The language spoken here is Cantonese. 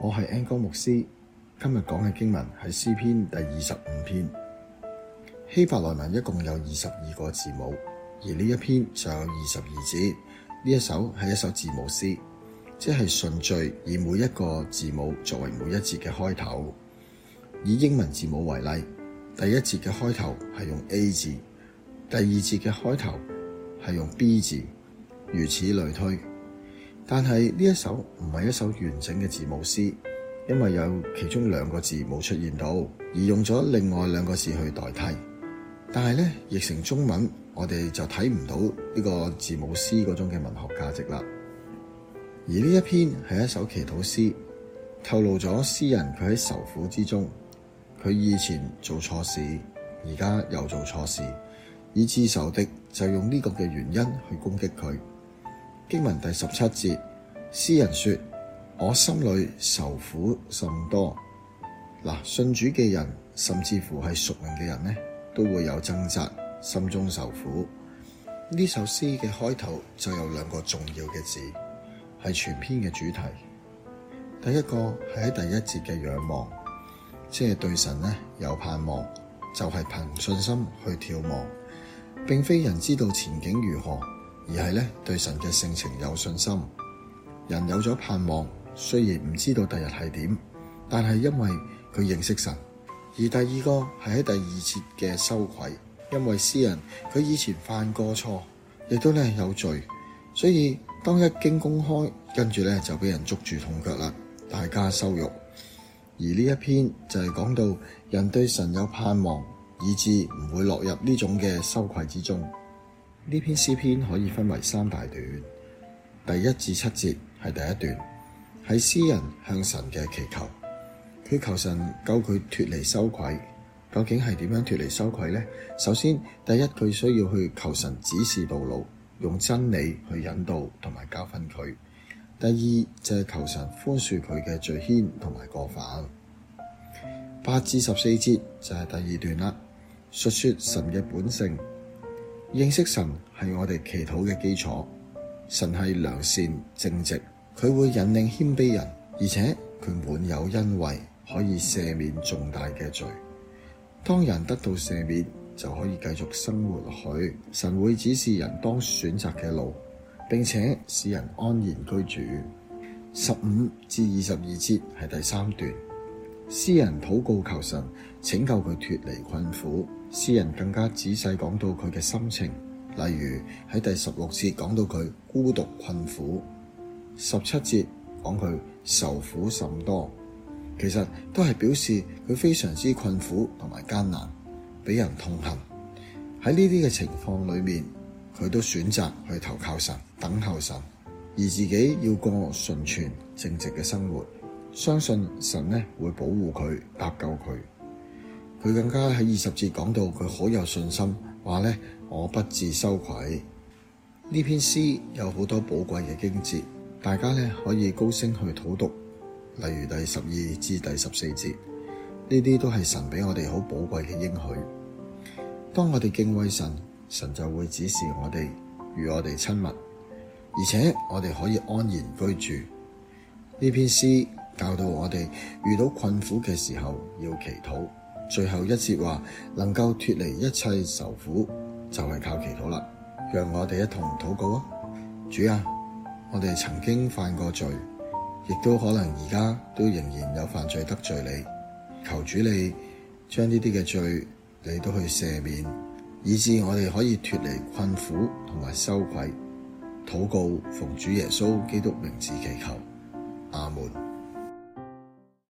我係安哥牧師，今日講嘅經文係詩篇第二十五篇。希伯來文一共有二十二個字母，而呢一篇就有二十二字。呢一首係一首字母詩，即係順序以每一個字母作為每一節嘅開頭。以英文字母為例，第一節嘅開頭係用 A 字，第二節嘅開頭係用 B 字，如此類推。但係呢一首唔係一首完整嘅字母詩，因為有其中兩個字冇出現到，而用咗另外兩個字去代替。但係咧譯成中文，我哋就睇唔到呢個字母詩嗰種嘅文學價值啦。而呢一篇係一首祈禱詩，透露咗詩人佢喺愁苦之中，佢以前做錯事，而家又做錯事，以致仇敵就用呢個嘅原因去攻擊佢。經文第十七節，詩人說：我心裏愁苦甚多。嗱，信主嘅人甚至乎係屬靈嘅人呢，都會有掙扎，心中愁苦。呢首詩嘅開頭就有兩個重要嘅字，係全篇嘅主題。第一個係喺第一節嘅仰望，即係對神呢有盼望，就係、是、憑信心去眺望，並非人知道前景如何。而係咧對神嘅性情有信心，人有咗盼望，雖然唔知道第日係點，但係因為佢認識神。而第二個係喺第二節嘅羞愧，因為詩人佢以前犯過錯，亦都咧有罪，所以當一經公開，跟住咧就俾人捉住痛腳啦，大家羞辱。而呢一篇就係講到人對神有盼望，以至唔會落入呢種嘅羞愧之中。呢篇詩篇可以分為三大段，第一至七節係第一段，係詩人向神嘅祈求，佢求神救佢脫離羞愧。究竟係點樣脫離羞愧呢？首先，第一，佢需要去求神指示道路，用真理去引導同埋教訓佢。第二就係、是、求神寬恕佢嘅罪愆同埋過犯。八至十四節就係第二段啦，述說神嘅本性。認識神係我哋祈禱嘅基礎，神係良善正直，佢會引領謙卑人，而且佢滿有恩惠，可以赦免重大嘅罪。當人得到赦免，就可以繼續生活落去。神會指示人當選擇嘅路，並且使人安然居住。十五至二十二節係第三段。詩人禱告求神，拯救佢脫離困苦。詩人更加仔細講到佢嘅心情，例如喺第十六節講到佢孤獨困苦，十七節講佢受苦甚多。其實都係表示佢非常之困苦同埋艱難，俾人痛恨。喺呢啲嘅情況裏面，佢都選擇去投靠神，等候神，而自己要過純全正直嘅生活。相信神咧會保護佢搭救佢。佢更加喺二十節講到佢好有信心，話咧我不致羞愧。呢篇詩有好多寶貴嘅經節，大家咧可以高聲去討讀，例如第十二至第十四節，呢啲都係神俾我哋好寶貴嘅應許。當我哋敬畏神，神就會指示我哋與我哋親密，而且我哋可以安然居住。呢篇詩。教到我哋遇到困苦嘅時候要祈禱，最後一節話能夠脫離一切愁苦就係靠祈禱啦。讓我哋一同禱告啊，主啊，我哋曾經犯過罪，亦都可能而家都仍然有犯罪得罪你，求主你將呢啲嘅罪你都去赦免，以致我哋可以脫離困苦同埋羞愧。禱告，奉主耶穌基督名字祈求，阿門。